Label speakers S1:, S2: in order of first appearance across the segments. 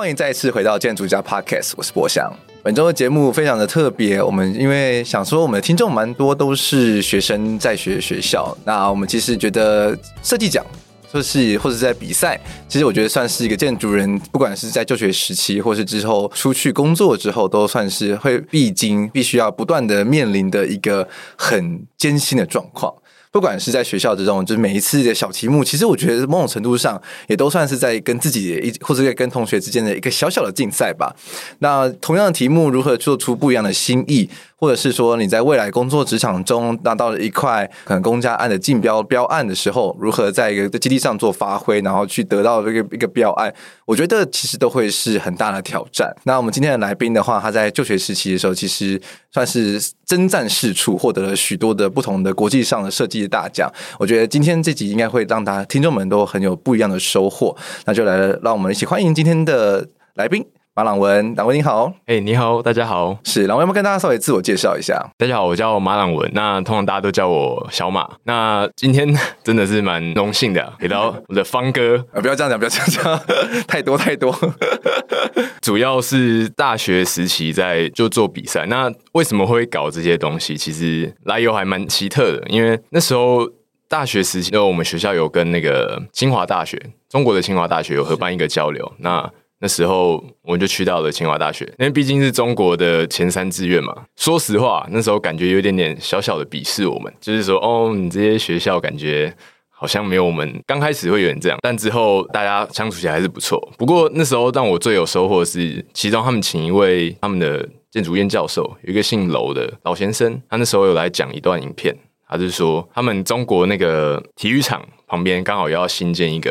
S1: 歡迎再次回到建築家 Podcast，我是博翔。本周的節目非常的特別，我們因為想說，我們的聽眾蠻多都是學生在學學校，那我們其實覺得設計獎，或是或者是在比賽，其實我覺得算是一個建築人，不管是在就學時期，或是之後出去工作之後，都算是會必經、必須要不斷的面臨的一個很艱辛的狀況。不管是在學校之中，就是每一次的小題目，其實我覺得某種程度上也都算是在跟自己一或者跟同學之間的一個小小的競賽吧。那同樣的題目如何做出不一樣的新意，或者是說你在未來工作職場中拿到了一塊可能公家案的競標標案的時候，如何在一個在基地上做發揮，然後去得到一個一個標案，我覺得其實都會是很大的挑戰。那我們今天的來賓的話，他在就學時期的時候，其實算是征戰四處，獲得了許多的不同的國際上的設計。大獎，我覺得今天這集應該會讓大家聽眾們都很有不一樣的收穫。那就來，讓我們一起歡迎今天的來賓馬朗
S2: 文，朗文，你好，哎、Hey，你好，大家好，是，朗文，要不要跟大家稍微自我介紹一下？大家好，我叫我馬朗文，那通常大家都叫我小馬，那今天真的是蠻榮幸的、啊，給到我的方哥，不要這樣講，不要這樣講，太多太多。 主要是大學時期在就做比賽，那為什麼會搞這些東西？其實來由還蠻奇特的，因為那時候大學時期，我們學校有跟那個清華大學，中國的清華大學有合辦一個交流。那那時候我們就去到了清華大學，因為畢竟是中國的前三志願嘛。說實話，那時候感覺有點點小小的鄙視我們，就是說，哦，你這些學校感覺。好像沒有我們剛開始會有人這樣，但之後大家相處起來還是不錯。不過那時候讓我最有收穫的是，其中他們請一位他們的建築院教授，有一個姓樓的老先生，他那時候有來講一段影片，他是說他們中國那個體育場旁邊剛好要新建一個，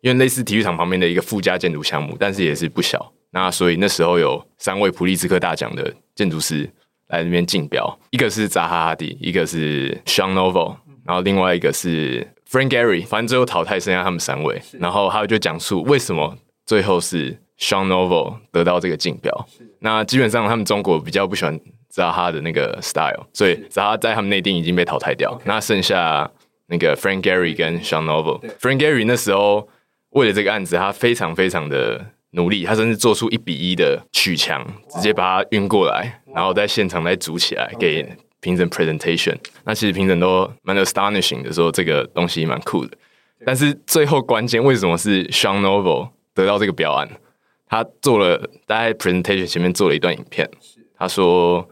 S2: 因為類似體育場旁邊的一個附加建築項目，但是也是不小。那所以那時候有三位普利茲克大獎的建築師來這邊競標，一個是扎哈哈迪，一個是 Jean Nouvel 然後另外一個是。Frank Gehry，反正最後淘汰剩下他們三位，然後還有就講述為什麼最後是 Jean Nouvel 得到這個競標。那基本上他們中國比較不喜歡扎哈的那個 style，所以扎哈在他們內定已經被淘汰掉。那剩下那個 Frank Gehry 跟 Jean Nouvel。Frank Gehry 那時候為了這個案子，他非常非常的努力，他甚至做出一比一的曲牆，直接把它運過來，然後在現場來組起來給、okay。評審 presentation，那其實評審都蠻 astonishing 的說，說這個東西蠻酷的。但是最後關鍵，為什麼是 Sean Noble 得到這個標案？他做了大概 presentation 前面做了一段影片，他說：“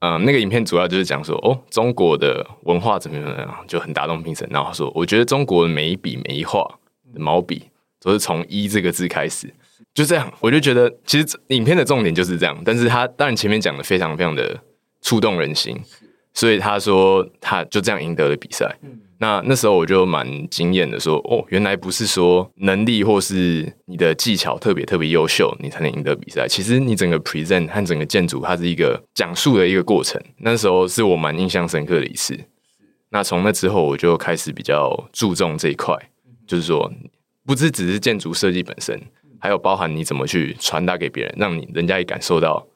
S2: 嗯，那個影片主要就是講說，哦，中國的文化怎麼樣，就很打動評審。”然後他說：“我覺得中國的每一筆每一畫的毛筆，都是從一這個字開始。”就這樣，我就覺得其實影片的重點就是這樣。但是他當然前面講的非常非常的。觸動人心，所以他說，他就這樣贏得了比賽。嗯。那那時候我就蠻驚艷的說，說哦，原來不是說能力或是你的技巧特別特別優秀，你才能贏得比賽。其實你整個 present 和整個建築，它是一個講述的一個過程。那時候是我蠻印象深刻的一次。那從那之後，我就開始比較注重這一塊，就是說，不只只是建築設計本身，還有包含你怎麼去傳達給別人，讓你人家也感受到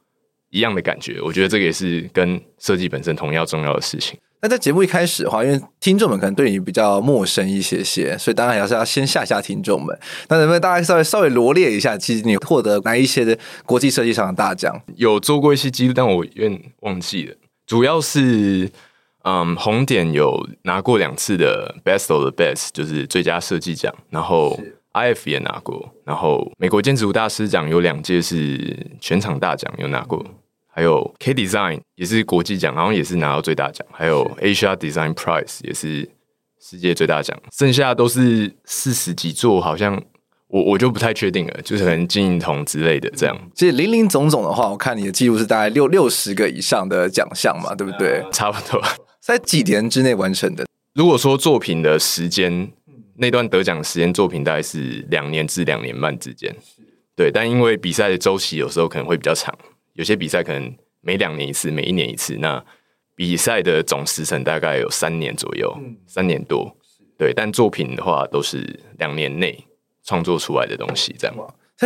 S2: 一樣的感覺，我覺得這個也是跟設計本身同樣重要的事情。
S1: 那在節目一開始的話，因為聽眾們可能對你比較陌生一些些，所以當然還是要先嚇嚇聽眾們。那能不能大概稍微稍微羅列一下，其實你獲得哪一些國際設計上的大獎？
S2: 有做過一些記錄，但我有點忘記了。主要是嗯，紅點有拿過兩次的 Best of the Best，就是最佳設計獎。然後 IF 也拿過，然後美國建築大師獎有兩屆是全場大獎，有拿過。嗯還有 K Design 也是國際獎，好像也是拿到最大獎。還有 Asia Design Prize 也是世界最大獎，剩下都是四十幾座，好像我我就不太確定了，就是可能金銀銅之類的這樣。嗯嗯、其
S1: 實林林總總的話，我看你的記錄是大概六六十個以上的獎項嘛、啊，對不對？差不
S2: 多在幾年之內完成的？如果說作品的時間，那段得獎時間作品大概是兩年至兩年半之間，對。但因為比賽的周期有時候可能會比較長。有些比賽可能每兩年一次，每一年一次。那比賽的總時程大概有三年左右，嗯、三年多。對，但作品的話都是兩年內創作出來的東西，這樣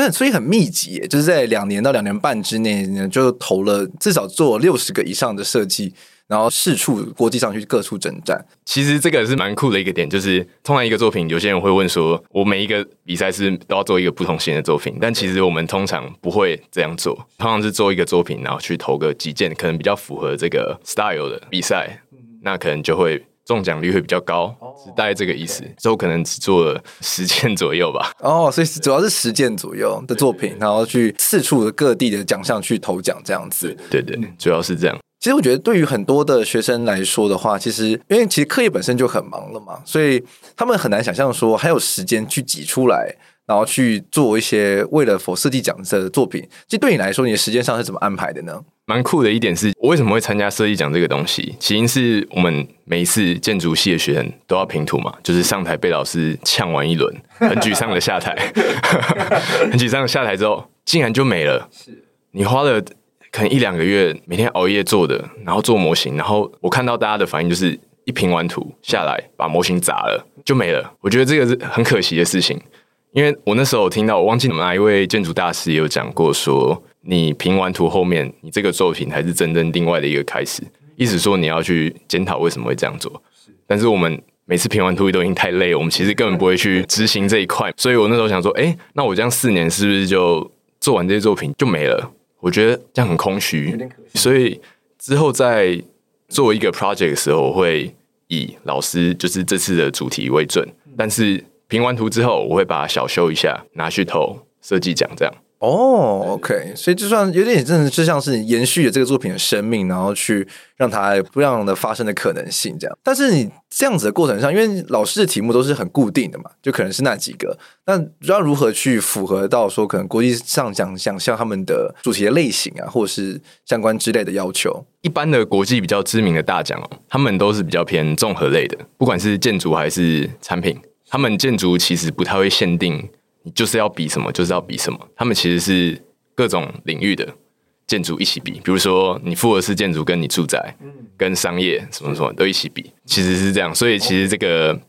S2: 嗎？
S1: 所以很密集，就是在兩年到兩年半之內，就投了至少做六十個以上的設計。然後四處國際上去各處征戰，
S2: 其實這個是蠻酷的一個點。就是通常一個作品，有些人會問說，我每一個比賽是都要做一個不同型的作品，但其實我們通常不會這樣做，通常是做一個作品，然後去投個幾件，可能比較符合這個 style 的比賽，那可能就會中獎率會比較高，只帶這個意思。之後可能只做了十件左右吧。
S1: 哦，所以主要是十件左右的作品，對對對對，然後去四處各地的獎項去投獎這樣子。對對，主要是這樣。其實我覺得，對於很多的學生來說的話，其實因為其實課業本身就很忙了嘛，所以他們很難想象說還有時間去擠出來，然後去做一些為了投設計獎的作品。其實對你來說，你的時間上是怎麼安排的呢？
S2: 蠻酷的一點是，我為什麼會參加設計獎這個東西？起因是我們每一次建築系的學生都要評圖嘛，就是上台被老師嗆完一輪，很沮喪的下台， 很沮喪的下台之後，竟然就沒了。是你花了。可能一兩個月每天熬夜做的，然後做模型，然後我看到大家的反應就是一評完圖下來，把模型砸了就沒了。我覺得這個是很可惜的事情，因為我那時候聽到，我忘記你們哪一位建築大師也有講過說，你評完圖後面，你這個作品才是真正另外的一個開始，意思說你要去檢討為什麼會這樣做。但是我們每次評完圖都已經太累，我們其實根本不會去執行這一塊。所以我那時候想說，誒，那我這樣四年是不是就做完這些作品就沒了？我覺得這樣很空虛，所以之後在做一個 project 的時候，我會以老師就是這次的主題為準。嗯、但是評完圖之後，我會把它小修一下，拿去投、嗯、設計獎，這樣。
S1: 哦，OK，所以就算有點真的就像是延續了這個作品的生命，然後去讓它不一樣的發生的可能性這樣。但是你這樣子的過程上，因為老師的題目都是很固定的嘛，就可能是那幾個，那要如何去符合到說可能國際上獎獎項他們的主題的類型啊，或者是相關之類的要求？
S2: 一般的國際比較知名的大獎哦，他們都是比較偏綜合類的，不管是建築還是產品，他們建築其實不太會限定。就是要比什麼，就是要比什麼。他們其實是各種領域的建築一起比，比如說你複合式建築跟你住宅、跟商業什麼什麼都一起比，其實是這樣。所以其實這個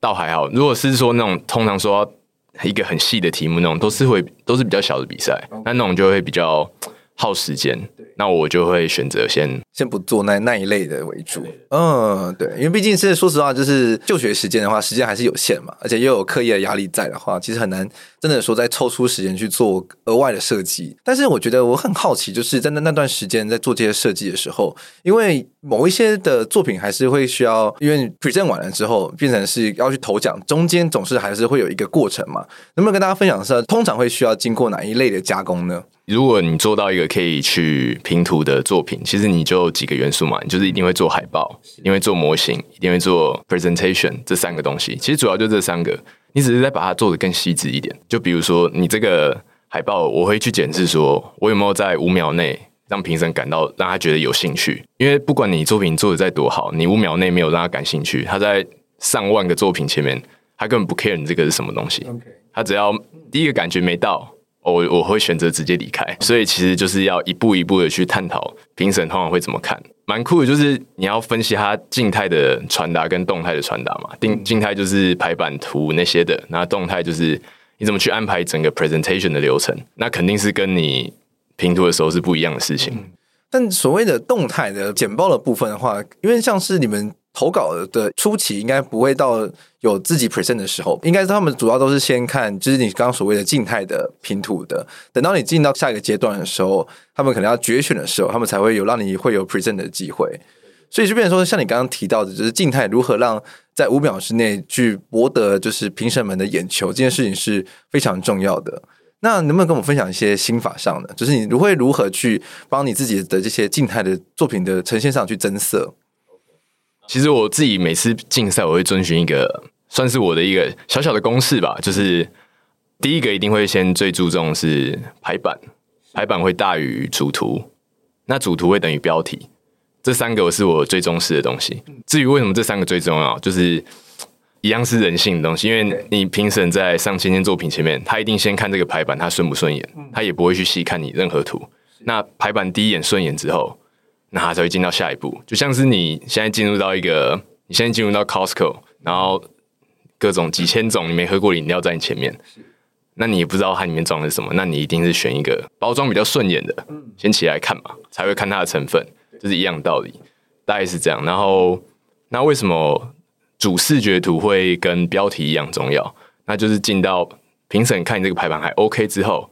S2: 倒還好。如果是說那種通常說一個很細的題目那種，都是會都是比較小的比賽，那那種就會比較耗時間。那我就會選擇先。先不做那那一類的為主，
S1: 嗯，對，因為畢竟是說實話，就是就學時間的話，時間還是有限嘛，而且又有課業的壓力在的話，其實很難真的說再抽出時間去做額外的設計。但是我覺得我很好奇，就是在那那段時間在做這些設計的時候，因為某一些的作品還是會需要，因為 present 完了之後變成是要去投獎，中間總是還是會有一個過程嘛。能不能跟大家分享一下，通常會需要經過哪一類的加工呢？
S2: 如果你做到一個可以去評圖的作品，其實你就。有幾個元素嘛，你就是一定會做海報，一定會做模型，一定會做 presentation 這三個東西。其實主要就這三個，你只是在把它做得更細緻一點。就比如說你這個海報，我會去檢視說我有沒有在五秒內讓評審感到，讓他覺得有興趣。因為不管你作品做的再多好，你五秒內沒有讓他感興趣，他在上萬個作品前面，他根本不 care 你這個是什麼東西。他只要第一個感覺沒到，我我會選擇直接離開，所以其實就是要一步一步的去探討評審通常會怎麼看，蠻酷的，就是你要分析它靜態的傳達跟動態的傳達嘛，定靜態就是排版圖那些的，那動態就是你怎麼去安排整個 presentation 的流程，那肯定是跟你評圖的時候是不一樣的事情，
S1: 嗯。但所謂的動態的簡報的部分的話，因為像是你們。投稿的初期應該不會到有自己 present 的時候，應該是他們主要都是先看，就是你剛剛所謂的靜態的拼圖的。等到你進到下一個階段的時候，他們可能要決選的時候，他們才會有讓你會有 present 的機會。所以就變成說，像你剛剛提到的，就是靜態如何讓在五秒之內去博得就是評審們的眼球，這件事情是非常重要的。那能不能跟我們分享一些心法上的，就是你會如何去幫你自己的這些靜態的作品的呈現上去增色？
S2: 其實我自己每次競賽，我會遵循一個算是我的一個小小的公式吧，就是第一個一定會先最注重是排版，排版會大於主圖，那主圖會等於標題，這三個是我最重視的東西。至於為什麼這三個最重要，就是一樣是人性的東西，因為你評審在上千件作品前面，他一定先看這個排版，他順不順眼，他也不會去細看你任何圖。那排版第一眼順眼之後。那它才會進到下一步，就像是你現在進入到一個，你現在進入到 Costco，然後各種幾千種你沒喝過飲料在你前面，那你也不知道它裡面裝的是什麼，那你一定是選一個包裝比較順眼的，先起來看嘛，才會看它的成分，就是一樣的道理，大概是這樣。然後，那為什麼主視覺圖會跟標題一樣重要？那就是進到評審看你這個排版還 OK 之後，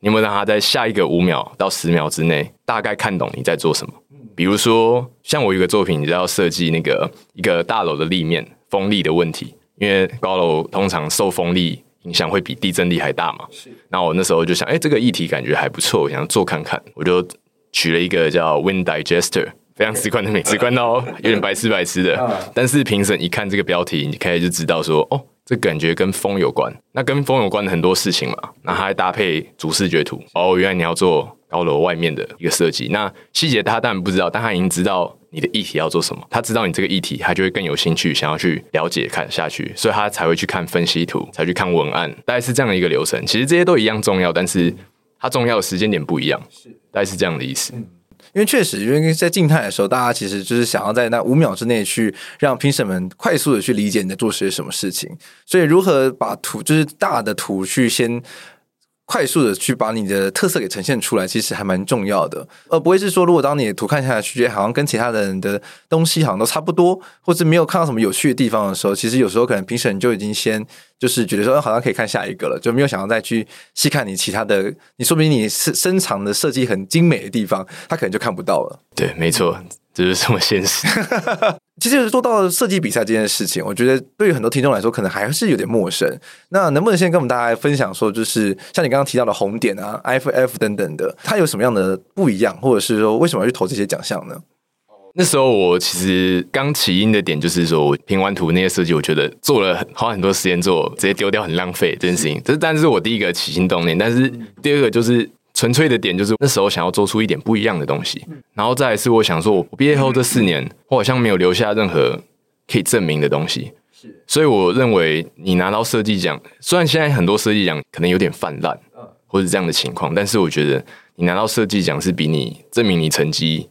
S2: 你有沒有讓他在下一個五秒到十秒之內大概看懂你在做什麼？比如說，像我有個作品，你知道設計那個一個大樓的立面風力的問題，因為高樓通常受風力影響會比地震力還大嘛。是。那我那時候就想，哎、欸，這個議題感覺還不錯，我想做看看。我就取了一個叫 Wind Digester，非常直觀的名字，觀到哦，有點白痴白痴的。 但是評審一看這個標題，你開始就知道說，哦。這個感覺跟風有關，那跟風有關的很多事情嘛，那他還搭配主視覺圖。哦，原來你要做高樓外面的一個設計，那細節他當然不知道，但他已經知道你的議題要做什麼，他知道你這個議題，他就會更有興趣想要去了解看下去，所以他才會去看分析圖，才去看文案，大概是這樣的一個流程。其實這些都一樣重要，但是它重要的時間點不一樣，是大概是這樣的意思。
S1: 因為確實，因為在靜態的時候，大家其實就是想要在那五秒之內去讓評審們快速的去理解你在做些什麼事情，所以如何把圖就是大的圖去先。快速的去把你的特色給呈現出來，其實還蠻重要的，而不會是說，如果當你的圖看下去，覺得好像跟其他的人的東西好像都差不多，或者沒有看到什麼有趣的地方的時候，其實有時候可能評審就已經先就是覺得說，哎，好像可以看下一個了，就沒有想要再去細看你其他的，你說明你是深藏的設計很精美的地方，他可能就看不到了。
S2: 對，沒錯。就是這麼現
S1: 實。 其實說到設計比賽這件事情，我覺得對於很多聽眾來說，可能還是有點陌生。那能不能先跟我們大家分享，說就是像你剛剛提到的紅點啊、IF 等等的，它有什麼樣的不一樣，或者是說為什麼要去投這些獎項呢？
S2: 那時候我其實剛起因的點就是說我評完圖那些設計，我覺得做了很花很多時間做，直接丟掉很浪費這件事情。這、嗯、但是，我第一個起心動念，但是第二個就是。純粹的點就是那時候想要做出一點不一樣的東西，然後再來是我想說，我畢業後這四年，我好像沒有留下任何可以證明的東西。所以我認為你拿到設計獎，雖然現在很多設計獎可能有點氾濫，或者這樣的情況，但是我覺得你拿到設計獎是比你證明你成績。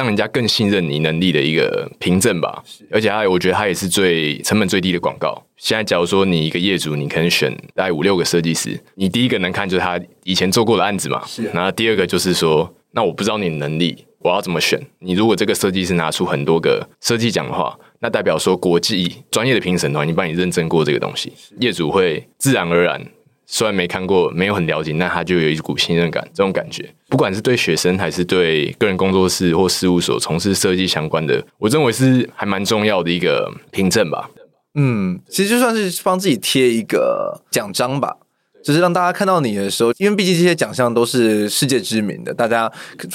S2: 讓人家更信任你能力的一個憑證吧，而且他，我覺得他也是最成本最低的廣告。現在假如說你一個業主，你可能選大概五六個設計師，你第一個能看就是他以前做過的案子嘛，是。然後第二個就是說，那我不知道你的能力，我要怎麼選？你如果這個設計師拿出很多個設計獎的話，那代表說國際專業的評審團已經幫你認證過這個東西，業主會自然而然。雖然沒看過，沒有很了解，但他就有一股信任感，這種感覺，不管是對學生，還是對個人工作室或事務所從事設計相關的，我認為是還蠻重要的一個憑證吧。嗯，其實就算是幫自己貼一個
S1: 獎章吧，就是讓大家看到你的時候，因為畢竟這些獎項都是世界知名的，大家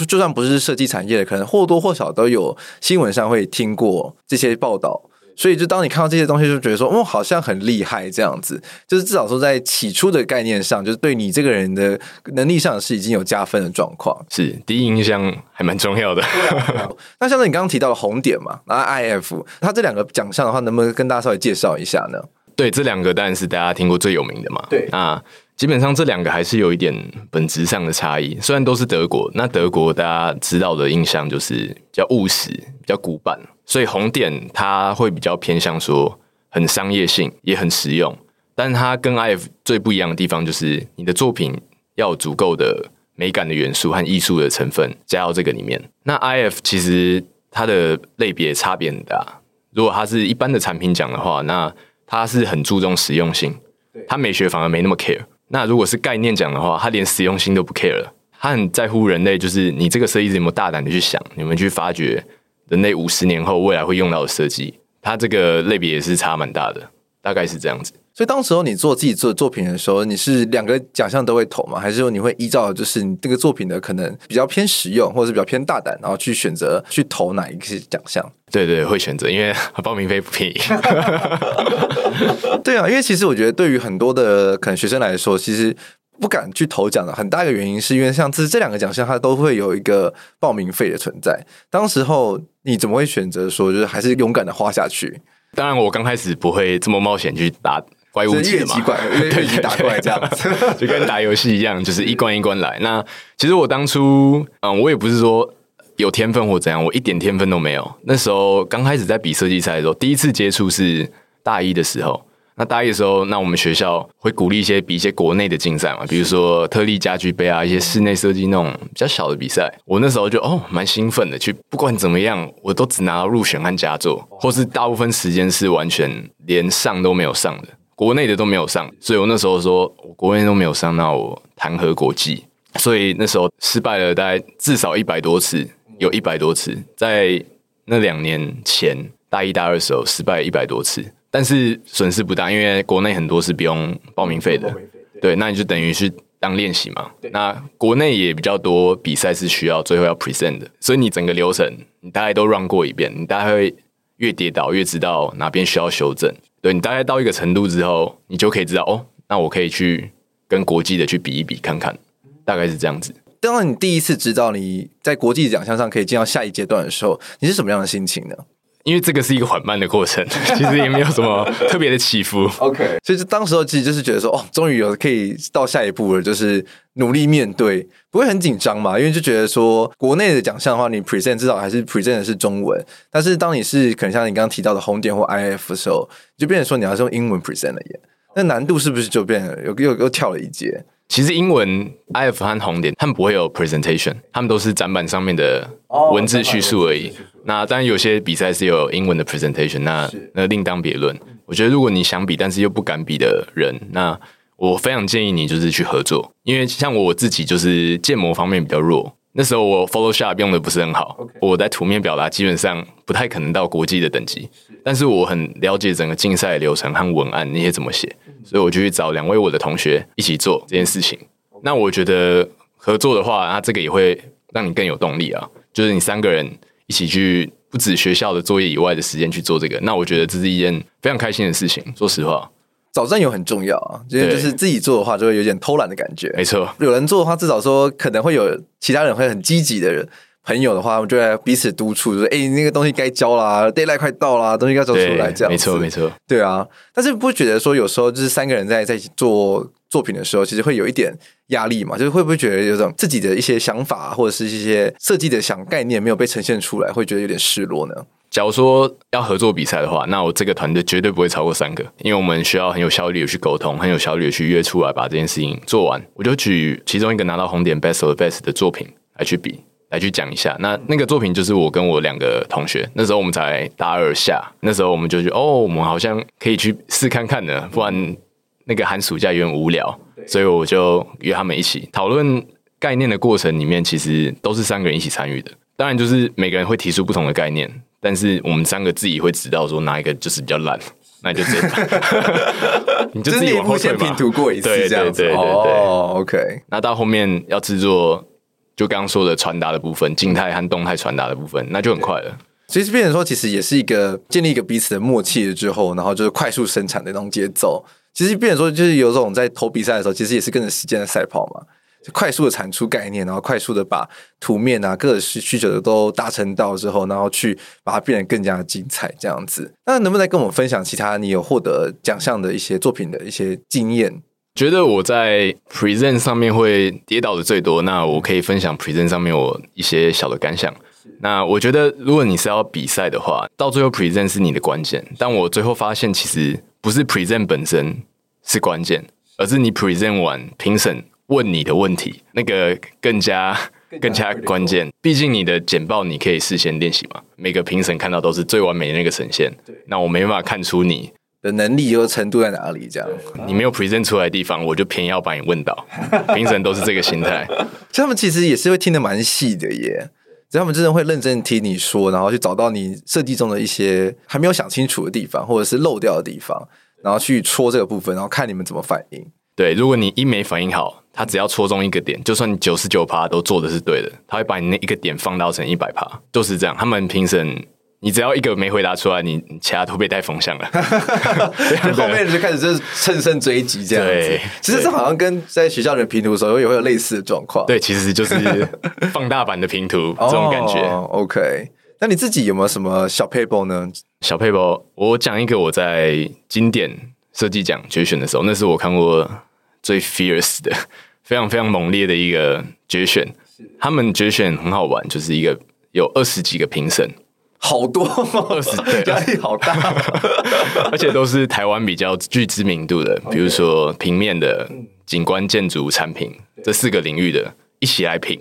S1: 就算不是設計產業的，可能或多或少都有新聞上會聽過這些報道。所以，就當你看到這些東西，就覺得說，哦、嗯，好像很厲害這樣子。就是至少說，在起初的概念上，就是對你這個人的能力上是已經有加分的狀況。
S2: 是第一印象還蠻重要的。
S1: 那像是你剛剛提到的紅點嘛，那 IF，它這兩個獎項的話，能不能跟大家稍微介紹一下呢？
S2: 對，這兩個當然是大家聽過最有名的嘛。對啊，那基本上這兩個還是有一點本質上的差異。雖然都是德國，那德國大家知道的印象就是比較務實，比較古板。所以紅點它會比較偏向說很商業性，也很實用，但它跟 IF 最不一樣的地方就是，你的作品要有足夠的美感的元素和藝術的成分加到這個裡面。那 IF 其實它的類別差別很大，如果它是一般的產品獎的話，那它是很注重實用性，它美學反而沒那麼 care。那如果是概念獎的話，它連實用性都不 care 了，它很在乎人類，就是你這個設計有沒有大膽的去想，你們去發掘。人類五十年後未來會用到的設計，它這個類別也是差蠻大的，大概是這樣子。所以當時候你做自己
S1: 做的作品的時候，你是兩個獎項都會投嗎？還是說你會依照就是你這個作品的可能比較偏實用，或者是比較偏大膽，然後去選擇去投哪一些獎項？對，對對，會選
S2: 擇，因為
S1: 報名費不便宜。 對啊，因為其實我覺得對於很多的可能學生來說，其實。不敢去投獎的很大一個原因，是因為像這這兩個獎項，它都會有一個報名費的存在。當時候你怎麼會選擇說，就是還是勇敢的花下去？
S2: 當然，我剛開始不會這麼冒險去打怪物的嘛。越奇怪，對對，對，打怪這樣子，就跟打遊戲一樣，就是一關一關來。那其實我當初，嗯，我也不是說有天分或怎樣，我一點天分都沒有。那時候剛開始在比設計賽的時候，第一次接觸是大一的時候。那大一的時候，那我們學校會鼓勵一些比一些國內的競賽嘛，比如說特力家居盃啊，一些室內設計那種比較小的比賽。我那時候就哦蠻興奮的，去不管怎麼樣，我都只拿到入選和佳作，或是大部分時間是完全連上都沒有上的，國內的都沒有上。所以我那時候說，我國內都沒有上，那我談何國際？所以那時候失敗了，大概至少一百多次，有一百多次，在那兩年前大一、大二的時候失敗了一百多次。但是損失不大，因為國內很多是不用報名費的，報名費，對。對，那你就等於是當練習嘛。那國內也比較多比賽是需要最後要 present 的，所以你整個流程你大概都 run 過一遍，你大概會越跌倒越知道哪邊需要修正。對，你大概到一個程度之後，你就可以知道哦，那我可以去跟國際的去比一比看看，大概是這樣子。
S1: 嗯。當你第一次知道你在國際獎項上可以進到下一階段的時候，你是什麼樣的心情呢？
S2: 因為這個是一個緩慢的過程，其實也沒有什麼特別的起伏。 OK，所以就當時候其實就是覺
S1: 得說，哦，終於有可以到下一步了，就是努力面對，不會很緊張嘛？因為就覺得說，國內的獎項的話，你 present 至少還是 present 的是中文，但是當你是可能像你剛剛提到的紅點或 IF 的時候，就變成說你要是用英文 present 了耶。那難度是不是就變得又又又跳了一階？
S2: 其實英文 IF 和紅點他們不會有 presentation，他們都是展板上面的文字敘述而已。哦、而已，那當然有些比賽是有英文的 presentation，那那另當別論。嗯。我覺得如果你想比，但是又不敢比的人，那我非常建議你就是去合作，因為像我自己就是建模方面比較弱，那時候我 Photoshop 用的不是很好，Okay. 我在圖面表達基本上不太可能到國際的等級。是。但是我很了解整個競賽流程和文案那些怎麼寫。所以我就去找兩位我的同學一起做這件事情。Okay. 那我覺得合作的話，那這個也會讓你更有動力啊。就是你三個人一起去，不止學校的作業以外的時間去做這個。那我覺得這是一件非常開心的事情，說實話。找戰友很重要啊。
S1: 對，就是自己做的話，就會有
S2: 點偷懶的感覺。沒錯，
S1: 有人做的話，至少說可能會有其他人會很積極的人。朋友的話，我覺得彼此督促，就是哎、欸，那個東西該交啦 Deadline 快到啦，東西該走出來，這樣子沒錯沒錯，對啊。但是不覺得說有時候就是三個人在在做作品的時候，其實會有一點壓力嘛，就是會不會覺得有種自己的一些想法或者是一些設計的想概念沒有被呈現出來，會覺得有點失落呢？
S2: 假如說要合作比賽的話，那我這個團隊絕對不會超過三個，因為我們需要很有效率的去溝通，很有效率的去約出來把這件事情做完。我就舉其中一個拿到紅點 Best of Best 的作品來去比。HB 來去講一下，那那個作品就是我跟我兩個同學，那時候我們才大二下，那時候我們就覺得哦，我們好像可以去試看看的，不然那個寒暑假有點無聊，所以我就約他們一起討論概念的過程裡面，其實都是三個人一起參與的。當然，就是每個人會提出不同的概念，但是我們三個自己會知道說哪一個就是比較爛，那就這樣， 你就自己往後推拼圖過一次，這樣子對對對、oh,，OK。那到後面要制作。就剛剛說的傳達的部分，靜態和動態傳達的部分，那就很快了。其實變成說，其實也是一個
S1: 建立一個彼此的默契之後，然後就是快速生產的一種節奏。其實變成說，就是有這種在投比賽的時候，其實也是跟着時間的賽跑嘛，就快速的產出概念，然後快速的把圖面啊各個需需求的都達成到之後，然後去把它變得更加精彩這樣子。那能不能來跟我們分享其他你有獲得獎項的一些作品的一些經驗？
S2: 覺得我在 present 上面會跌倒的最多，那我可以分享 present 上面我一些小的感想。那我覺得，如果你是要比賽的話，到最後 present 是你的關鍵。但我最後發現，其實不是 present 本身是關鍵，而是你 present 完評審問你的問題，那個更加更加， 更加關鍵。畢竟你的簡報你可以事先練習嘛，每個評審看到都是最完美的那個呈現。對，那我沒辦法看出你。的能力和程度在哪裡？這樣，你沒有 present 出來的地方，我就偏要把你問到。評 審都是這個心態，
S1: 他們其實也是會聽得蠻細的耶。所以他們真的會認真聽你說，然後去找到你設計中的一些還沒有想清楚的地方，或者是漏掉的地方，然後去戳這個部分，然後看你們怎麼反
S2: 應。對，如果你一沒反應好，他只要戳中一個點，就算你九十九趴都做的是對的，他會把你那一個點放大成一百趴，就是這樣。他們評審。你只要一個沒回答出來，你其他都被帶風向了
S1: 後面就開始就是乘勝追擊這樣子。其實這好像跟在學校的評圖的時候也會有類似的狀況。對，其實就是
S2: 放大版的評圖 這種感覺。Oh, OK，那你自己有沒有什麼小撇步呢？小撇步，我講一個我在經典設計獎決選的時候，那是我看過最 fierce 的，非常非常猛烈的一個決選。他們決選很好玩，就是一個有二十幾個評審。好多嘛，壓 力好大，喔， 而且都是台灣比較具知名度的，okay. 比如說平面的、景觀、建築產品這四個領域的一起來評。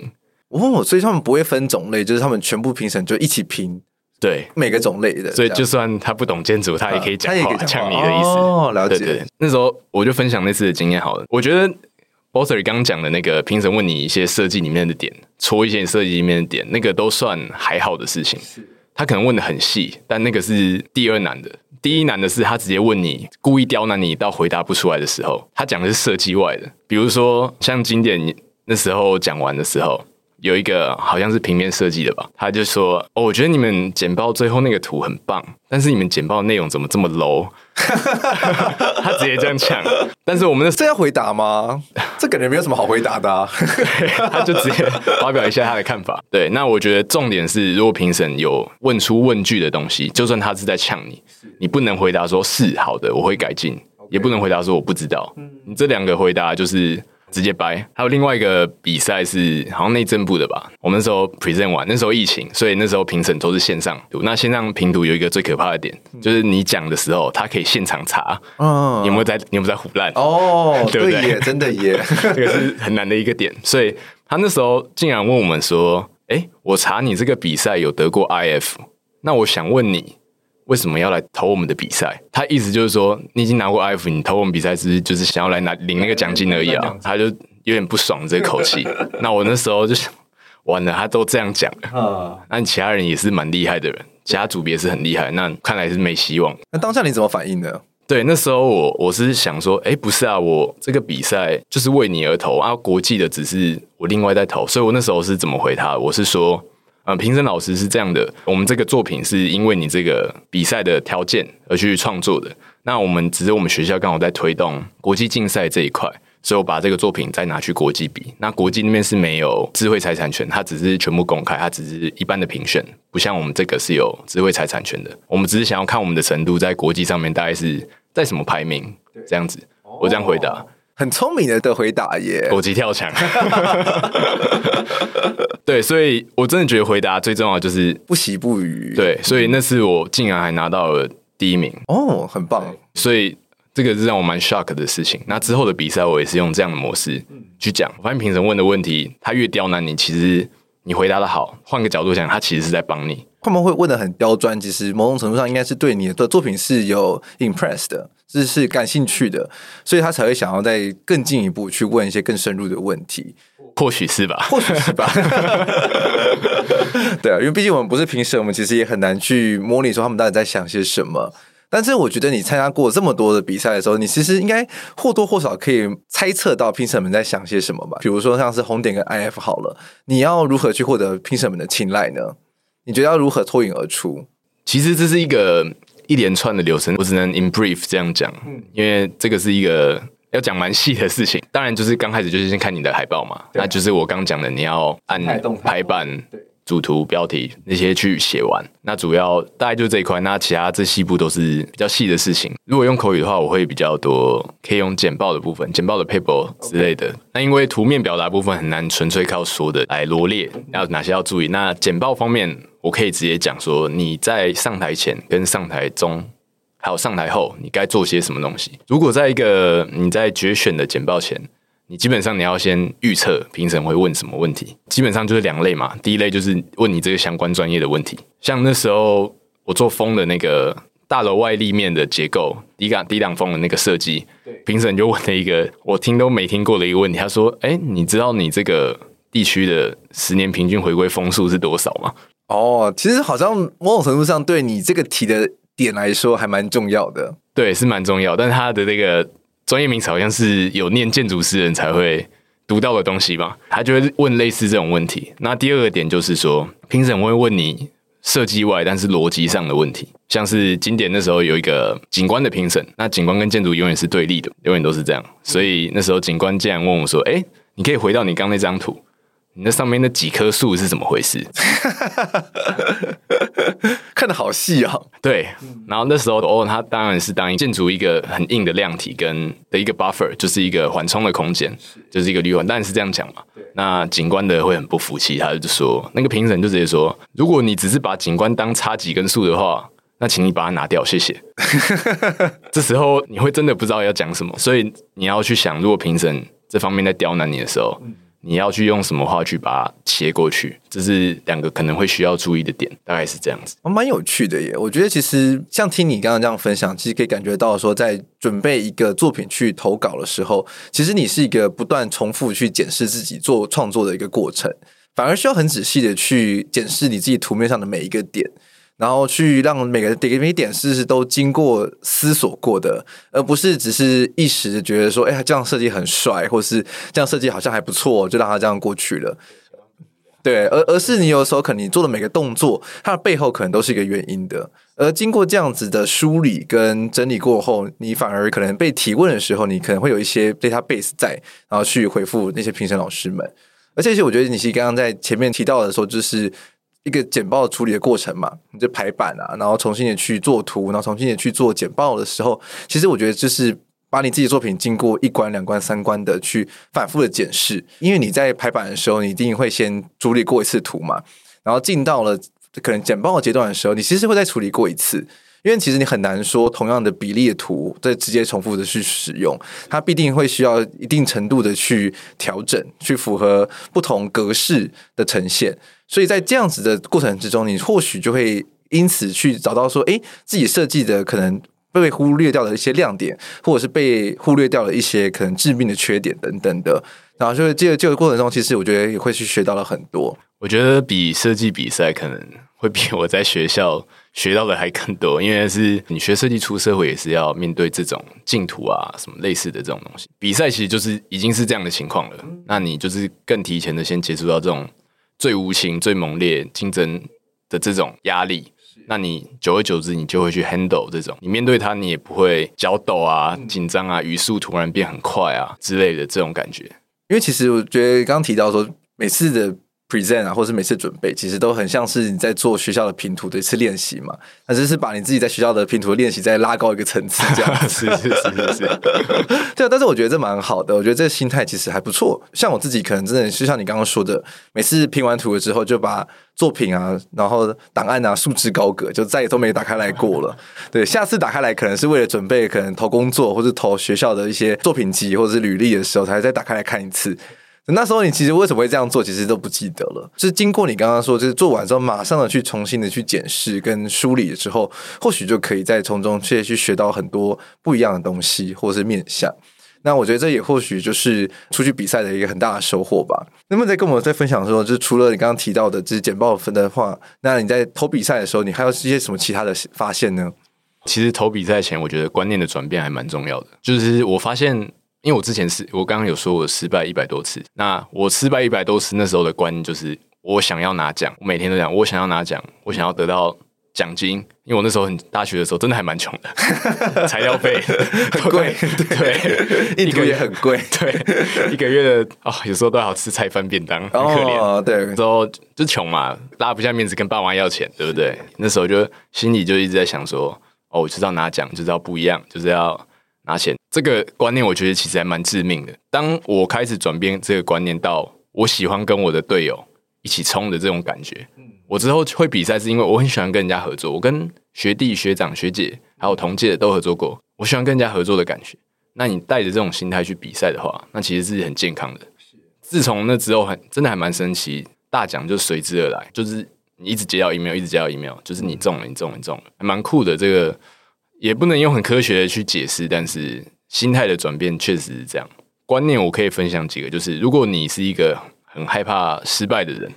S1: 我、哦，所以他們不會分種類，就是他們全部評審就一起評，
S2: 對每個種類的。所以就算他不懂建築，他也可以講，他也嗆你的意思哦。了解，對對對。那時候我就分享那次的經驗好了。我覺得 Boss 剛講的那個評審問你一些設計裡面的點，戳一些設計裡面的點，那個都算還好的事情。是。他可能問的很細，但那個是第二難的。第一難的是他直接問你，故意刁難你到回答不出來的時候。他講的是設計外的，比如說像經典那時候講完的時候。有一個好像是平面設計的吧，他就說：“哦，我覺得你們簡報最後那個圖很棒，但是你們簡報內容怎麼這麼 low？” 他直接這樣嗆。 但是我們的需要回答嗎？ 這感覺沒有什麼好回答的，啊 對。他就直接發表一下他的看法。 對，那我覺得重點是，如果評審有問出問句的東西，就算他是在嗆你，你不能回答說是好的，我會改進，okay. 也不能回答說我不知道。嗯，你這兩個回答就是。直接掰，還有另外一個比賽是好像內政部的吧。我們那時候 present 完，那時候疫情，所以那時候評審都是線上讀，那線上評圖有一個最可怕的點，就是你講的時候，他可以現場查，嗯，你有沒有在，你有沒有在唬爛哦，對不對？對耶，真的耶， 這個是很難的一個點。所以他那時候竟然問我們說：“哎、欸，我查你這個比賽有得過 IF，那我想問你。”為什麼要來投我們的比賽？他意思就是說，你已經拿過 iF，你投我們比賽只是,是就是想要來拿領那個獎金而已啊！他就有點不爽這口氣。 那我那時候就想，完了，他都這樣講啊、嗯，那你其他人也是蠻厲害的人，其他組別也是很厲害，那看來是沒希望、
S1: 嗯。那當下你怎麼反應呢？
S2: 對，那時候我我是想說，誒、欸，不是啊，我這個比賽就是為你而投啊，國際的只是我另外在投，所以我那時候是怎麼回他的？我是說。呃，評審老師是這樣的，我們這個作品是因為你這個比賽的條件而去創作的。那我們只是我們學校剛好在推動國際競賽這一塊，所以我把這個作品再拿去國際比。那國際那邊是沒有智慧財產權，它只是全部公開，它只是一般的評選，不像我們這個是有智慧財產權的。我們只是想要看我們的程度在國際上面大概是在什麼排名這樣子。我這樣回答。很聰明的的回答耶，狗急跳牆。 對，所以我真的覺得回答最重要的就是不喜不語。對，所以那次我竟然還拿到了第一名，哦，很棒。所以這個是讓我蠻 shock 的事情。那之後的比賽我也是用這樣的模式去講。我發現平常問的問題，他越刁難你，其實你回答的好，換個角度講，他其實是在幫你。
S1: 他們會問得很刁鑽，其實某種程度上應該是對你的作品是有 impress 的，是是感興趣的，所以他才會想要再更進一步去問一些更深入的問題，或許是吧，或許是吧。 對啊，因為畢竟我們不是評審，我們其實也很難去模擬說他們到底在想些什麼。但是我覺得你參加過這麼多的比賽的時候，你其實應該或多或少可以猜測到評審們在想些什麼吧？比如說像是紅點跟 IF 好了，你要如何
S2: 去獲得評審們的青睞呢？你覺得要如何脫穎而出？其實這是一個一連串的流程，我只能 in brief 這樣講，嗯，因為這個是一個要講蠻細的事情。當然，就是剛開始就是先看你的海報嘛，那就是我剛講的，你要按排版。主圖標題那些去寫完，那主要大概就這一塊，那其他這細部都是比較細的事情。如果用口語的話，我會比較多可以用簡報的部分，簡報的 paper 之類的。那、okay. 因為圖面表達部分很難純粹靠說的來羅列，要哪些要注意？那簡報方面，我可以直接講說你在上台前，跟上台中，還有上台後，你該做些什麼東西。如果在一個你在決選的簡報前。你基本上你要先預測評審會問什麼問題，基本上就是兩類嘛。第一類就是問你這個相關專業的問題，像那時候我做風的那個大樓外立面的結構低崗低檔風的那個設計，評審就問了一個我聽都沒聽過的一個問題，他說：“欸，你知道你這個地區的十年平均回歸風速是多少嗎？”
S1: 哦，其實好像某種程度上對你這個題的點來說還蠻重要的，
S2: 對，是蠻重要，但他的那個。專業名詞好像是有念建築師人才會讀到的東西吧？他就會問類似這種問題。那第二個點就是說，評審會問你設計外，但是邏輯上的問題，像是經典那時候有一個景觀的評審，那景觀跟建築永遠是對立的，永遠都是這樣。所以那時候景觀竟然問我說：“哎、欸，你可以回到你剛那張圖，你那上面那幾棵樹是怎麼回事？” 看得好細哦、喔，對，然後那時候哦，他當然是當建築一個很硬的量體跟的一個 buffer，就是一個緩衝的空間，就是一個綠帶，當然是這樣講嘛，那景觀的會很不服氣，他就說那個評審就直接說，如果你只是把景觀當插幾根樹的話，那請你把它拿掉，謝謝。 這時候你會真的不知道要講什麼，所以你要去想，如果評審這方面在刁難你的時候。嗯你要去用什麼話去把它切過去？這是兩個可能會需要注意的點，大概是這樣子。
S1: 我蠻有趣的耶，我覺得其實像聽你剛剛這樣分享，其實可以感覺到說，在準備一個作品去投稿的時候，其實你是一個不斷重複去檢視自己做創作的一個過程，反而需要很仔細的去檢視你自己圖面上的每一個點。然後去讓每個點一點事實都經過思索過的，而不是只是一時覺得說，哎、欸，這樣設計很帥，或是這樣設計好像還不錯，就讓他這樣過去了。對，而而是你有時候可能你做的每個動作，它的背後可能都是一個原因的。而經過這樣子的梳理跟整理過後，你反而可能被提問的時候，你可能會有一些 a 他 e 在，然後去回復那些評審老師們。而這些，我覺得你是剛剛在前面提到的時候，就是。一個簡報處理的過程嘛，你就排版啊，然後重新的去做圖，然後重新的去做簡報的時候，其實我覺得就是把你自己的作品經過一關、兩關、三關的去反復的檢視，因為你在排版的時候，你一定會先處理過一次圖嘛，然後進到了可能簡報的階段的時候，你其實會再處理過一次。因為其實你很難說同樣的比例的圖再直接重複的去使用，它必定會需要一定程度的去調整，去符合不同格式的呈現。所以在這樣子的過程之中，你或許就會因此去找到說，哎、欸，自己設計的可能被忽略掉的一些亮點，或者是被忽略掉的一些可能致命的缺點等等的。然後，所以這個這個過程中，其實我覺得也會去學到了很多。我覺
S2: 得比設計比賽可能會比我在學校，學到的還更多，因為是你學設計出社會也是要面對這種競圖啊什麼類似的這種東西。比賽其實就是已經是這樣的情況了、嗯，那你就是更提前的先接觸到這種最無情、最猛烈競爭的這種壓力。那你久而久之，你就會去 handle 這種，你面對它，你也不會腳抖啊、緊、嗯、張啊、語速突然變很快啊之類的這種感覺。因為其實我覺得剛剛提到說，每次的。present 啊，或者是
S1: 每次準備，其實都很像是你在做學校的評圖的一次練習嘛。那只是，是把你自己在學校的評圖練習再拉高一個層次，這樣子， 是是是，是，是 對。對但是我覺得這蠻好的，我覺得這心態其實還不錯。像我自己，可能真的是像你剛剛說的，每次評完圖了之後，就把作品啊，然後檔案啊，束之高閣，就再也都沒打開來過了。對，下次打開來，可能是為了準備，可能投工作或者投學校的一些作品集或者是履歷的時候，才再打開來看一次。那時候你其實為什麼會這樣做，其實都不記得了。就是經過你剛剛說，就是做完之後，馬上的去重新的去檢視跟梳理了之後，或許就可以再從中去去學到很多不一樣的東西，或是面向。那我覺得這也或許就是出去比賽的一個很大的收穫吧。那麼在跟我們在分享的時候，就是除了你剛剛提到的，就是簡報分的話，那你在投比賽的時候，你還有一些什麼其他的發現呢？
S2: 其實投比賽前，我覺得觀念的轉變還蠻重要的。就是我發現。因為我之前是，我剛剛有說我失敗一百多次。那我失敗一百多次，那時候的觀念就是我我，我想要拿獎，我每天都講我想要拿獎，我想要得到獎金。因為我那時候很大學的時候，真的還蠻窮的， 材料費費貴 很貴， 對，一個月很貴，對， 一個月的哦。有時候都要吃菜飯便當，很可憐，哦。對，之後就窮嘛，拉不下面子跟爸媽要錢，對不對？那時候就心裡就一直在想說，哦，我知道拿獎就知、是、道不一樣，就是要。拿錢這個觀念，我覺得其實還蠻致命的。當我開始轉變這個觀念，到我喜歡跟我的隊友一起衝的這種感覺，我之後會比賽是因為我很喜歡跟人家合作。我跟學弟、學長、學姐，還有同屆的都合作過。我喜歡跟人家合作的感覺。那你帶着這種心態去比賽的話，那其實是很健康的。自從那之後很，很真的還蠻神奇，大獎就隨之而來。就是你一直接到 email，一直接到 email，就是你中了，你中了，你中了，還蠻酷的這個。也不能用很科學的去解釋，但是心態的轉變確實是這樣。觀念我可以分享幾個，就是如果你是一個很害怕失敗的人，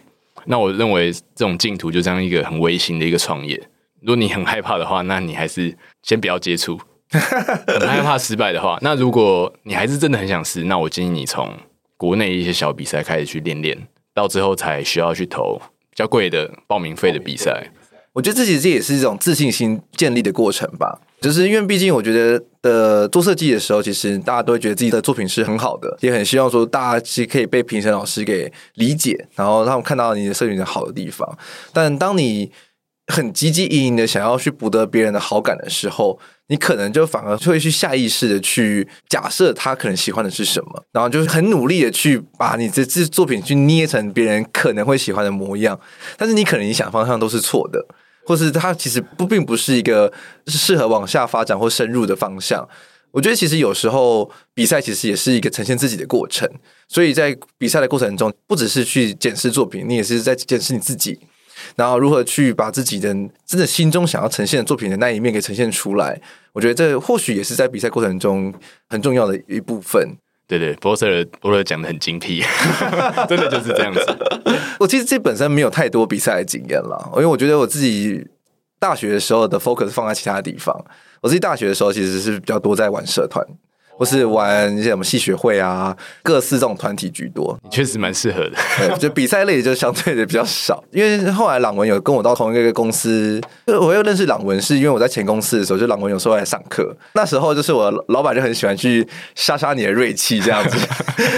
S2: 那我認為這種淨土就這樣一個很危險的一個創業。如果你很害怕的話，那你還是先不要接觸。很害怕失敗的話，那如果你還是真的很想試，那我建議你從國內一些小比賽開始去練練，到之後才需要去投比較貴的報名費的比賽。
S1: 我覺得這其實也是一種自信心建立的過程吧。就是因為，畢竟我覺得，的、呃、做設計的時候，其實大家都會覺得自己的作品是很好的，也很希望說大家是可以被評審老師給理解，然後讓他們看到你的設計的好的地方。但當你很汲汲營營的想要去博得別人的好感的時候，你可能就反而會去下意識的去假設他可能喜歡的是什麼，然後就是很努力的去把你這這作品去捏成別人可能會喜歡的模樣，但是你可能你想方向都是錯的。或是它其實不並不是一個適合往下發展或深入的方向。我覺得其實有時候比賽其實也是一個呈現自己的過程。所以在比賽的過程中，不只是去檢視作品，你也是在檢視你自己。然後如何去把自己的真的心中想要呈現的作品的那一面給呈現出來？我覺得這或許也是在比賽過程中很重要的一部分。對對，博瑟博瑟講得很精闢， 真的就是這樣子。我其實自己本身沒有太多比賽的經驗啦，因為我覺得我自己大學的時候的 focus 放在其他地方。我自己大學的時候其實是比較多在玩社團。或是玩一些什麼戲學會啊，各式這種團體居多，你確實蠻適合的。就比賽類就相對的比較少，因為後來朗文有跟我到同一個公司，我又認識朗文是因為我在前公司的時候，就朗文有時候來上課，那時候就是我老闆就很喜歡去殺殺你的銳氣這樣子，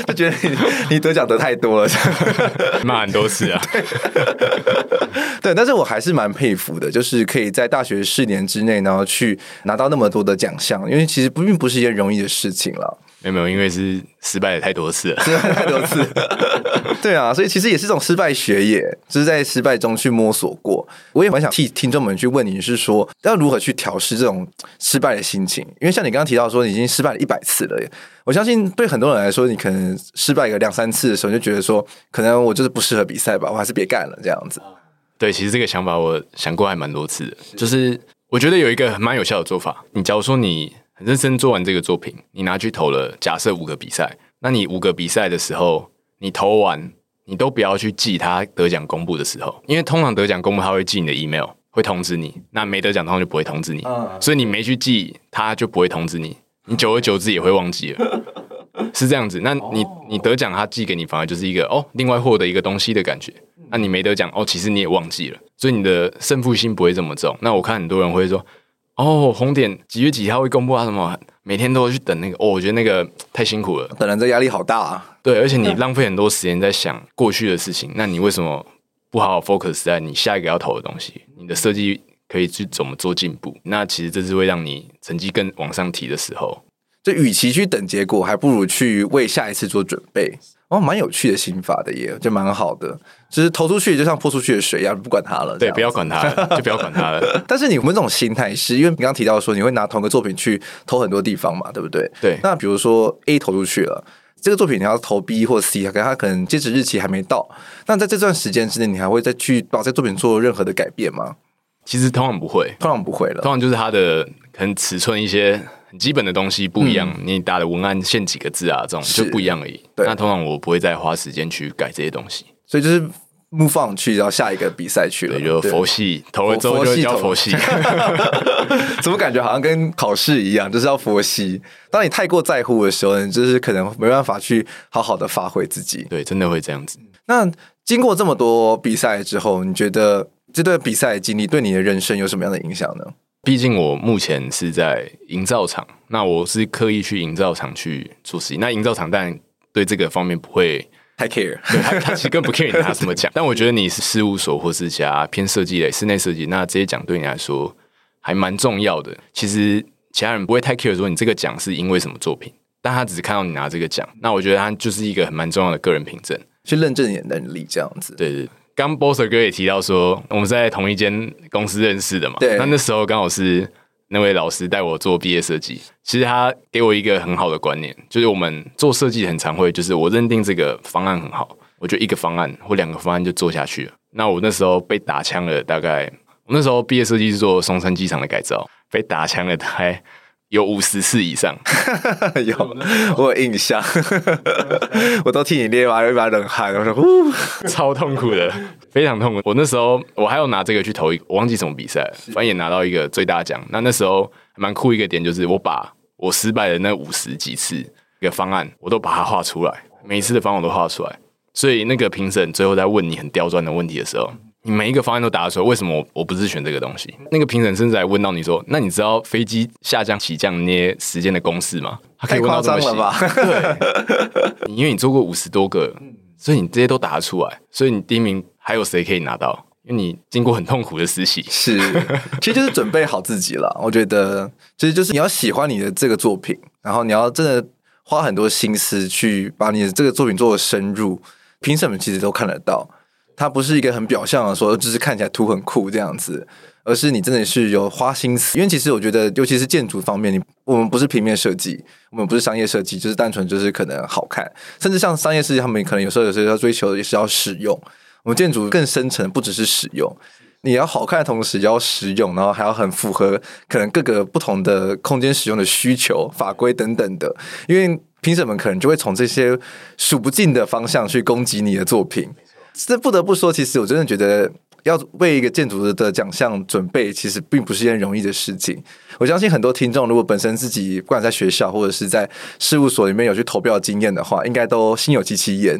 S1: 他 覺得你你得獎得太多了，這樣罵很多次啊。 對，但是我還是蠻佩服的，就是可以在大學四年之內，然後去拿到那麼多的獎項，因為其實不並不是一件容易的事情了。沒有沒有，因為是失敗了太多次了，失敗太多次，對啊，所以其實也是一種失敗學業，就是在失敗中去摸索過。我也很想替聽眾們去問你，是說要如何去調適這種失敗的心情？因為像你剛剛提到說，你已經失敗了一百次了耶，我相信對很多人來說，你可能失敗個兩三次的時候，你就覺得說，可能我就是不適合比賽吧，我還是別幹了
S2: 這樣子。對，其實這個想法我想過還蠻多次的，就是我覺得有一個蠻有效的做法。你假如說你很認真做完這個作品，你拿去投了，假設五個比賽，那你五個比賽的時候，你投完，你都不要去記他得獎公布的時候，因為通常得獎公布他會寄你的 email 會通知你，那沒得獎通常就不會通知你，所以你沒去記，他就不會通知你，你久而久之也會忘記了，是這樣子。那你你得獎他寄給你，反而就是一個哦，另外獲得一個東西的感覺。那你沒得獎哦，其實你也忘記了，所以你的勝負心不會這麼重。那我看很多人會說：“哦，紅點幾月幾號會公布啊？”什麼每天都會去等那個。哦，我覺得那個太辛苦了，等來這壓力好大啊！對，而且你浪費很多時間在想過去的事情。那你為什麼不好好 focus 在你下一個要投的東西？你的設計可以去怎麼做進步？那其實這是會讓你成績更往上提的時候。
S1: 就與其去等結果，還不如去為下一次做準備。哦，蠻有趣的心法的耶，也就蠻好的。其、就是投出去就像潑出去的水一樣，不管它了。對，不要管它，就不要管它了。 但是你們有有這種心態，是因為你剛提到說，你會拿同一個作品去投很多地方嘛，對不對？對。那比如說 A 投出去了這個作品，你要投 B 或 C，可能它可能截止日期還沒到。那在這段時間之內，你還會再去把這個作品做任何的改變嗎？其實通常不會，啊、通常不會
S2: 了。通常就是它的可能尺寸一些很、嗯、基本的東西不一樣，嗯、你打的文案限幾個字啊，這種就不一樣而已。對，那通常我不會再花時間去改這些東西。所以就是 move on 去，然後下一個比賽去了。你就佛系投了之後就佛系，投佛系佛佛系投 怎麼
S1: 感覺好像跟考試一樣？就是要佛系。當你太過在乎的時候，你就是可能沒辦法去好好的發揮自己。對，真的會這樣子。那經過這麼多比賽
S2: 之後，你覺得這段比賽經歷對你的人生有什麼樣的影響呢？畢竟我目前是在營造廠，那我是刻意去營造廠去做事情。那營造廠當然對這個方面不會。太 care，他其實更不 care 你拿什麼獎， 但我覺得你是事務所或是其他偏設計類室內設計，那這些獎對你來說還蠻重要的。其實其他人不會太 care 說你這個獎是因為什麼作品，但他只是看到你拿這個獎，那我覺得他就是一個很蠻重要的個人憑證，去認證你的能力這樣子。對對、對，剛 Boss 哥也提到說，我們在同一間公司認識的嘛，對，那那時候剛好是。那位老師帶我做畢業設計，其實他給我一個很好的觀念，就是我們做設計很常會，就是我認定這個方案很好，我就一個方案或兩個方案就做下去了。那我那時候被打槍了，大概我那時候畢業設計是做松山機場的改造，被打槍了，還有五十次以上， 有， 我有印象， 我都替你捏完了一把冷汗，我說嗚，超痛苦的，非常痛苦。我那時候我還有拿這個去投一，我忘記什麼比賽了，反正也拿到一個最大獎。那那時候還蠻酷一個點就是，我把我失敗的那五十幾次一個方案，我都把它畫出來，每一次的方案我都畫出來，所以那個評審最後在問你很刁鑽的問題的時候，每一個方案都答得出來，為什麼我我不是選這個東西？那個評審甚至還問到你說：“那你知道飛機下降起降那些時間的公式嗎？”他可以問到這麼問吧？對， 因為你做過五十多個，所以你這些都答得出來。所以你第一名還有誰可以拿到？因為你經過很痛苦的實習，是，其實就是準備好自己了。 我覺得，
S1: 其實就是你要喜歡你的這個作品，然後你要真的花很多心思去把你的這個作品做得深入，評審們其實都看得到。它不是一個很表象的說，就是看起來圖很酷這樣子，而是你真的是有花心思。因為其實我覺得，尤其是建築方面，你我們不是平面設計，我們不是商業設計，就是單純就是可能好看。甚至像商業設計，他們可能有時候有時候要追求的也是要使用。我們建築更深層，不只是使用，你要好看的同時要實用，然後還要很符合可能各個不同的空間使用的需求、法規等等的。因為評審們可能就會從這些數不盡的方向去攻擊你的作品。這不得不說，其實我真的覺得要為一個建築的獎項準備，其實並不是一件容易的事情。我相信很多聽眾，如果本身自己不管在學校或者是在事務所裡面有去投票經驗的話，應該都心有戚戚焉。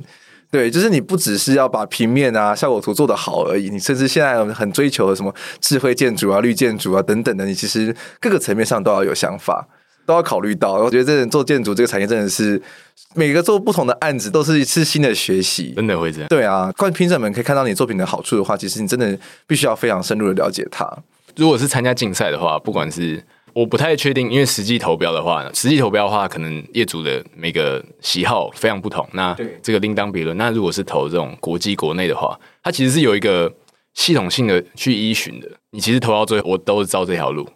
S1: 對，就是你不只是要把平面啊、效果圖做得好而已，你甚至現在很追求的什麼智慧建築啊、綠建築啊等等的，你其實各個層面上都要有想法。都要考慮到，我覺得這人做建築這個產業真的是每個做不同的案子都是一次新的學習，真的會這樣。對啊，關評審們可以看到你作品的好處的
S2: 話，其實你真的必須要非常深入的了解它。如果是參加競賽的話，不管是我不太確定，因為實際投標的話，實際投標的話，可能業主的每個喜好非常不同，那這個另當別論。那如果是投這種國際國內的話，它其實是有一個系統性的去依循的。你其實投到最後，我都是照這條路。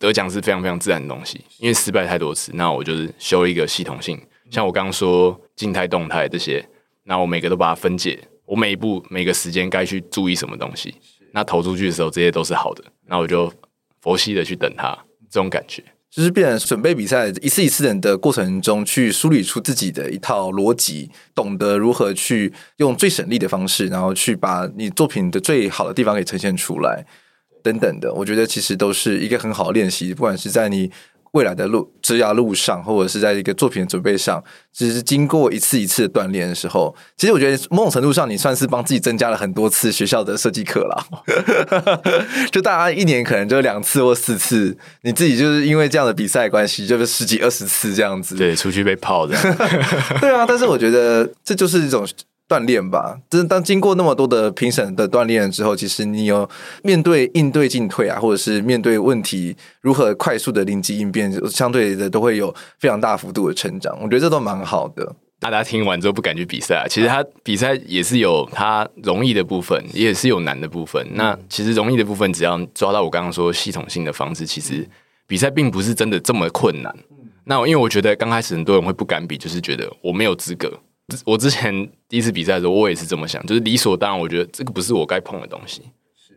S2: 得獎是非常非常自然的東西，因為失敗太多次，那我就是修一個系統性，像我剛剛說靜態、動態這些，那我每個都把它分解，我每一步、每個時間該去注意什麼東西，那投出去的時候這些都是好的，那我就佛系的去等它，這種感覺就
S1: 是變成準備比賽一次一次人的過程中
S2: 去梳理出自己的一套
S1: 邏輯，懂得如何去用最省力的方式，然後去把你作品的最好的地方給呈現出來，等等的，我覺得其實都是一個很好的練習，不管是在你未來的路職涯路上，或者是在一個作品的準備上，只是經過一次一次的鍛煉的時候，其實我覺得某種程度上，你算是幫自己增加了很多次學校的設計課了。 就大家一年可能就兩次或四次，你自己就是因為這樣的比賽的關係，就是十幾二十次這樣子，對，出去被炮的， 對啊。但是我覺得這就是一種。鍛鍊吧，就是當經過那麼多的評審的鍛鍊之後，其實你有面對應對進退啊，或者是面對問題如何快速的臨機應變，相對的都會有非常大幅度的成長。我覺得這都蠻好的。
S2: 大家聽完之後不敢去比賽，其實他比賽也是有他容易的部分，也是有難的部分。那其實容易的部分，只要抓到我剛剛說系統性的方式，其實比賽並不是真的這麼困難。那因為我覺得剛開始很多人會不敢比，就是覺得我沒有資格。我之前第一次比賽的時候，我也是這麼想，就是理所當然，我覺得這個不是我該碰的東西，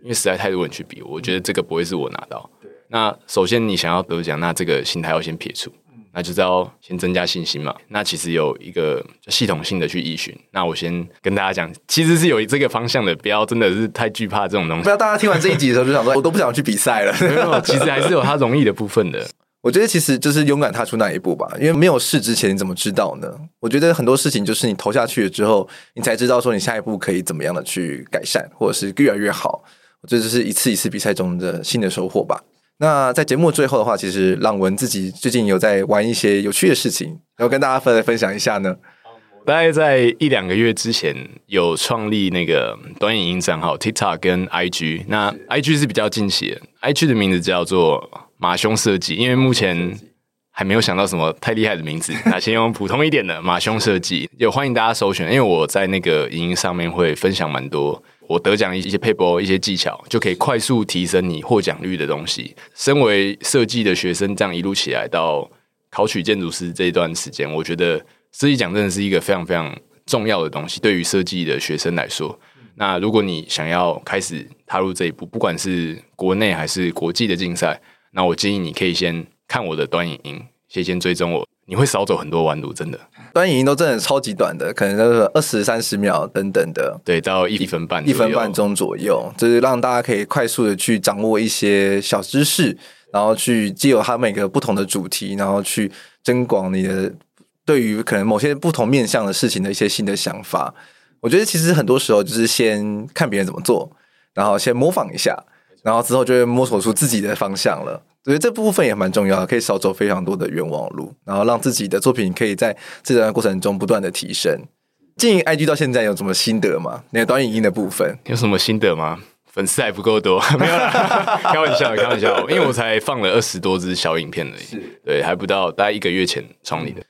S2: 因為實在太多人去比，我覺得這個不會是我拿到。那首先你想要得獎，那這個心態要先撇除，那就是要先增加信心嘛。那其實有一個系統性的去依循。那我先跟大家講，其實是有這個方向的，不要真的是太懼怕這種東西。不要大家聽完這一集的時候就想說，我都不想去比賽了。 其實還是有它容易的部
S1: 分的。我覺得其實就是勇敢踏出那一步吧，因為沒有試之前你怎麼知道呢？我覺得很多事情就是你投下去了之後，你才知道說你下一步可以怎麼樣的去改善，或者是越來越好。這就是一次一次比賽中的新的收穫吧。那在節目最後的話，其實朗文自己最近有在玩一些有趣的事情，要跟大家分來分享一下呢。
S2: 大概在一兩個月之前，有創立那個短影音賬號 TikTok 跟 IG，那 IG 是比較近期的，IG 的名字叫做。馬兄設計，因為目前還沒有想到什麼太厲害的名字，那 先用普通一點的“ 馬兄設計”也歡迎大家首選。因為我在那個影音上面會分享蠻多我得獎一一些 paper 一些技巧，就可以快速提升你獲獎率的東西。身為設計的學生，這樣一路起來到考取建築師這一段時間，我覺得設計獎真的是一個非常非常重要的東西。對於設計的學生來說，嗯，那如果你想要開始踏入這一步，不管是國內還是國際的競賽。那我建議你可以先看我的短影音，先先追蹤我，你會少走很多彎路，真的。
S1: 短影音都真的超級短的，可能就是二十三十秒等等的。對，到一分半一分半鐘左右，就是讓大家可以快速的去掌握一些小知識，然後去藉由它每個不同的主題，然後去增廣你的對於可能某些不同面向的事情的一些新的想法。我覺得其實很多時候就是先看別人怎麼做，然後先模仿一下。然後之後就會摸索出自己的方向了，所以這部分也蠻重要的，可以少走非常多的冤枉路，然後讓自己的作品可以在這段過程中不斷的提升。經營 IG 到現在有什麼心得嗎？那個短影音的部分
S2: 有什麼心得嗎？粉絲還不夠多， 沒有啦， 開玩笑，開玩笑，因為我才放了二十多支小影片而已，是，對，還不到，大概一個月前創立的，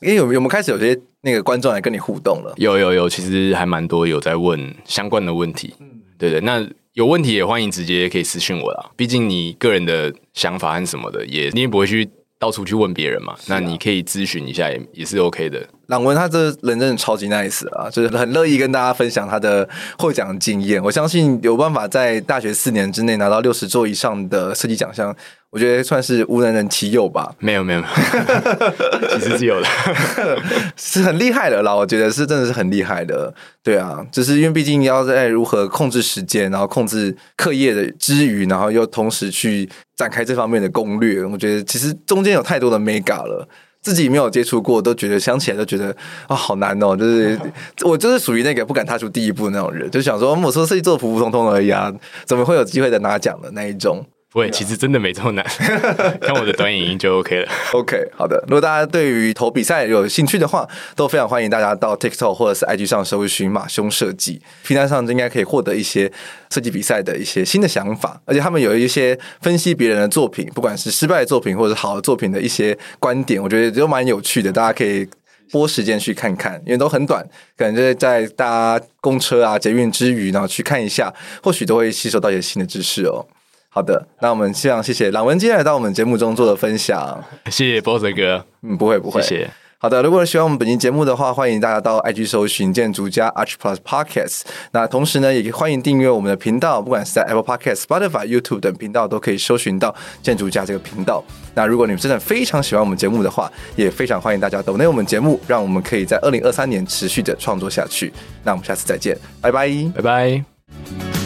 S2: 因為有我們開始有些那個
S1: 觀眾來跟你互動
S2: 了，有有有，其實還蠻多有在問相關的問題。對的，那有問題也歡迎直接可以私信我啦。畢竟你個人的想法和什麼的，也你也不會去到處去問別人嘛。啊、那你可以諮詢一下，也也是 OK 的。
S1: 朗文他這人真的超級 nice 啊，就是很樂意跟大家分享他的獲獎經驗。我相信有辦法在大學四年之內拿到六十座以上的設計獎項，我覺得算是無人能及有吧？沒有沒有沒有，其實是有的， 是很厲害的啦。我覺得是真的是很厲害的，對啊，就是因為畢竟要在如何控制時間，然後控制課業的之餘，然後又同時去展開這方面的攻略。我覺得其實中間有太多的 mega 了，自己沒有接觸過，都覺得想起來都覺得啊、哦，好難哦。就是我就是屬於那個不敢踏出第一步那種人，就想說我說是做普普通通而已啊，怎麼會有機會在拿獎的那一種。
S2: 喂，其實真的沒這麼難，看我
S1: 的短影音就 OK 了。 OK，好的。如果大家對於投比賽有興趣的話，都非常歡迎大家到 TikTok 或者是 IG 上搜尋馬兄設計，平台上應該可以獲得一些設計比賽的一些新的想法。而且他們有一些分析別人的作品，不管是失敗的作品或者是好的作品的一些觀點，我覺得都蠻有趣的。大家可以撥時間去看看，因為都很短，可能就是在搭公車啊、捷運之餘，然後去看一下，或許都會吸收到一些新的知識哦。好的，那我們希望謝謝朗文今天來到我們節目中做的分享，
S2: 謝謝波澤哥，嗯，不會不會，謝謝。
S1: 好的，如果喜歡我們本期節目的話，歡迎大家到 IG 搜尋建築家 Arch Plus Podcast。那同時呢，也可以歡迎訂閱我們的頻道，不管是在 Apple Podcast、Spotify、YouTube 等頻道都可以搜尋到建築家這個頻道。那如果你們真的非常喜歡我們節目的話，也非常歡迎大家 donate 我們節目，讓我們可以在二零二三年持續的創作下去。那我們下次再見，拜拜，拜拜。